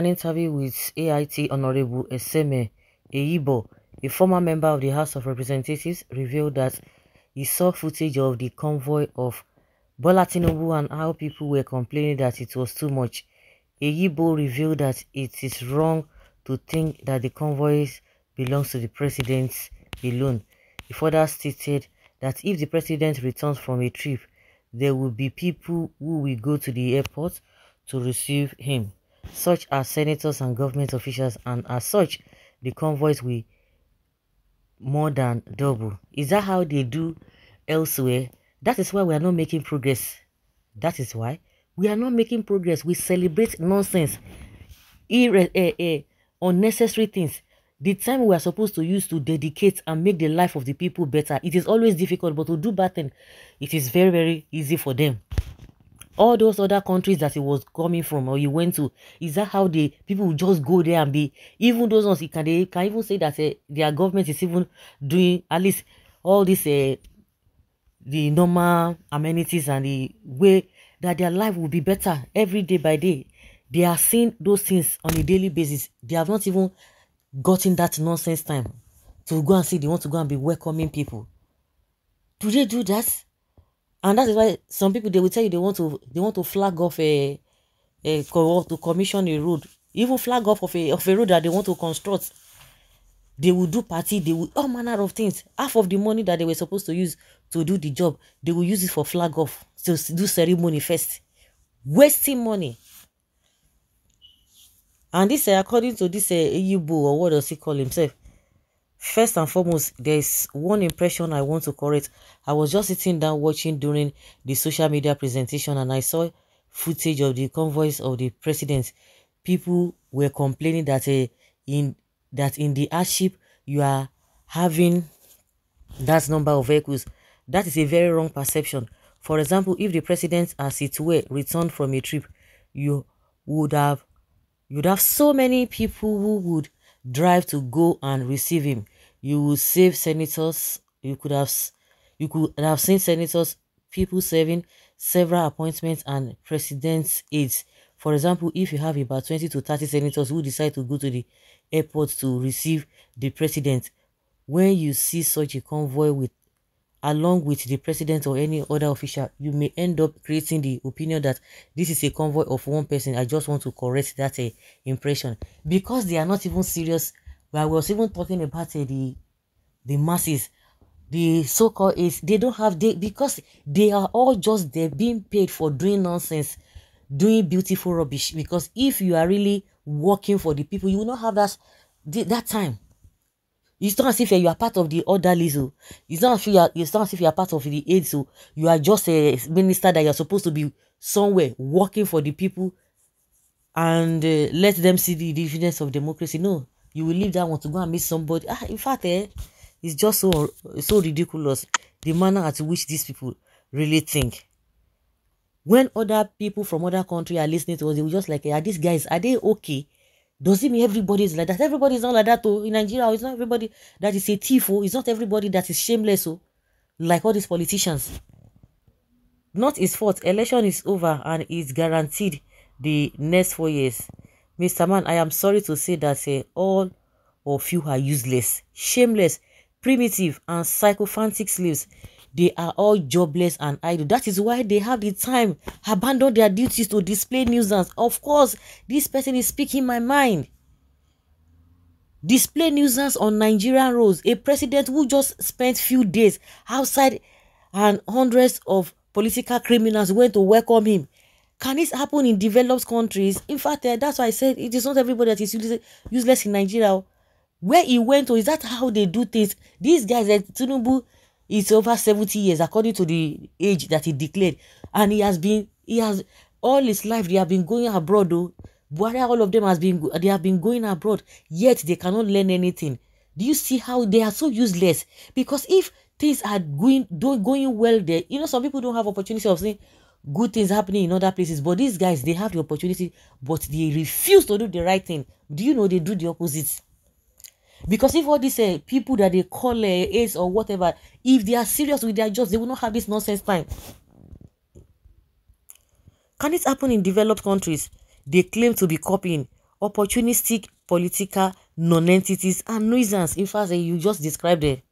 an interview with AIT Honorable Eseme Eibo, a former member of the House of Representatives, revealed that he saw footage of the convoy of Bola Tinubu and how people were complaining that it was too much. Eibo revealed that it is wrong to think that the convoys belongs to the president alone. He further stated that if the president returns from a trip, there will be people who will go to the airport to receive him such as senators and government officials, and as such, the convoys will more than double. Is that how they do elsewhere? That is why we are not making progress. That is why we are not making progress. We celebrate nonsense, irre- eh, eh, unnecessary things. The time we are supposed to use to dedicate and make the life of the people better, it is always difficult, but to do bad things, it is very, very easy for them all those other countries that he was coming from or he went to is that how the people just go there and be even those ones can they can even say that uh, their government is even doing at least all this uh, the normal amenities and the way that their life will be better every day by day they are seeing those things on a daily basis they have not even gotten that nonsense time to go and see they want to go and be welcoming people do they do that and that is why some people they will tell you they want to they want to flag off a a to commission a road even flag off of a of a road that they want to construct they will do party they will all manner of things half of the money that they were supposed to use to do the job they will use it for flag off to do ceremony first wasting money and this uh, according to this uh, eh, Eyibo or what does he call himself First and foremost, there's one impression I want to correct. I was just sitting down watching during the social media presentation and I saw footage of the convoys of the president. People were complaining that eh, in that in the airship you are having that number of vehicles. That is a very wrong perception. For example, if the president, as it were, returned from a trip, you would have you'd have so many people who would drive to go and receive him. You will save senators. You could have you could have seen senators, people serving several appointments and president's aides. For example, if you have about 20 to 30 senators who decide to go to the airport to receive the president, when you see such a convoy with along with the president or any other official, you may end up creating the opinion that this is a convoy of one person. I just want to correct that uh, impression because they are not even serious. While I was even talking about uh, the the masses, the so-called is they don't have they because they are all just they're being paid for doing nonsense, doing beautiful rubbish. Because if you are really working for the people, you will not have that that time it's not as if eh, you are part of the orderly, so it's not as if you are, it's not as if you are part of the aid, so you are just a minister that you're supposed to be somewhere working for the people and uh, let them see the dividends of democracy. No, you will leave that one to go and meet somebody. Ah, in fact, eh, it's just so so ridiculous the manner at which these people really think. When other people from other country are listening to us, they will just like, eh, are these guys are they okay? Does it mean everybody is like that? Everybody is not like that. Oh, in Nigeria, it's not everybody that is a thief. Oh, it's not everybody that is shameless. Oh, like all these politicians. Not his fault. Election is over and is guaranteed the next four years. Mr. Man, I am sorry to say that eh, all of you are useless, shameless, primitive, and sycophantic slaves. They are all jobless and idle. That is why they have the time, abandon their duties to display nuisance. Of course, this person is speaking my mind. Display nuisance on Nigerian roads. A president who just spent few days outside and hundreds of political criminals went to welcome him. Can this happen in developed countries? In fact, uh, that's why I said it is not everybody that is useless in Nigeria where he went to is that how they do things these guys at eh, tinubu it's over 70 years according to the age that he declared. And he has been, he has, all his life they have been going abroad though. all of them has been, they have been going abroad, yet they cannot learn anything. Do you see how they are so useless? Because if things are going, don't, going well there, you know, some people don't have opportunity of saying, good things happening in other places but these guys they have the opportunity but they refuse to do the right thing do you know they do the opposite because if all these uh, people that they call uh, eh, aids or whatever if they are serious with their jobs they will not have this nonsense time can it happen in developed countries they claim to be copying opportunistic political non-entities and nuisance in fact uh, you just described it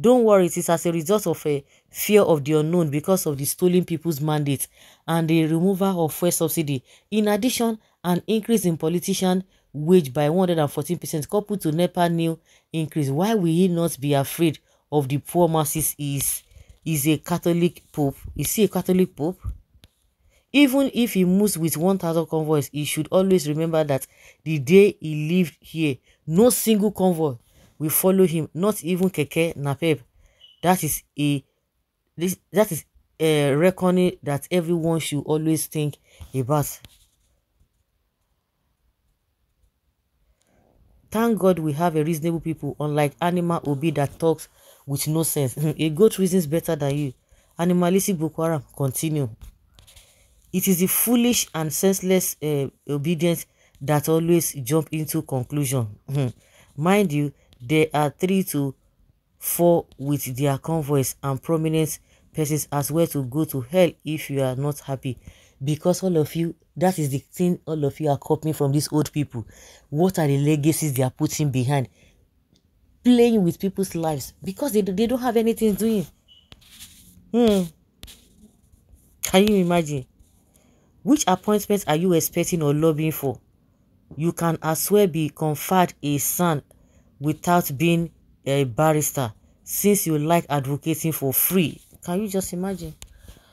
don't worry it is as a result of a fear of the unknown because of the stolen people's mandate and the removal of fuel subsidy in addition an increase in politician wage by 114% coupled to NEPA new increase. Why will he not be afraid of the poor masses is is a Catholic Pope? Is he a Catholic Pope? Even if he moves with 1,000 convoys, he should always remember that the day he lived here, no single convoy will follow him, not even Keke Napep. That is a this, that is a reckoning that everyone should always think about. Thank God we have a reasonable people, unlike animal Obi that talks with no sense. a goat reasons better than you. Animalistic Boko continue. It is the foolish and senseless uh, obedience that always jump into conclusion. Hmm. Mind you, there are three to four with their convoys and prominent persons as well to go to hell if you are not happy because all of you, that is the thing all of you are copying from these old people. What are the legacies they are putting behind? Playing with people's lives because they, they don't have anything doing. Hmm. Can you imagine? Which appointments are you expecting or lobbying for? You can as well be conferred a son without being a barrister since you like advocating for free. Can you just imagine?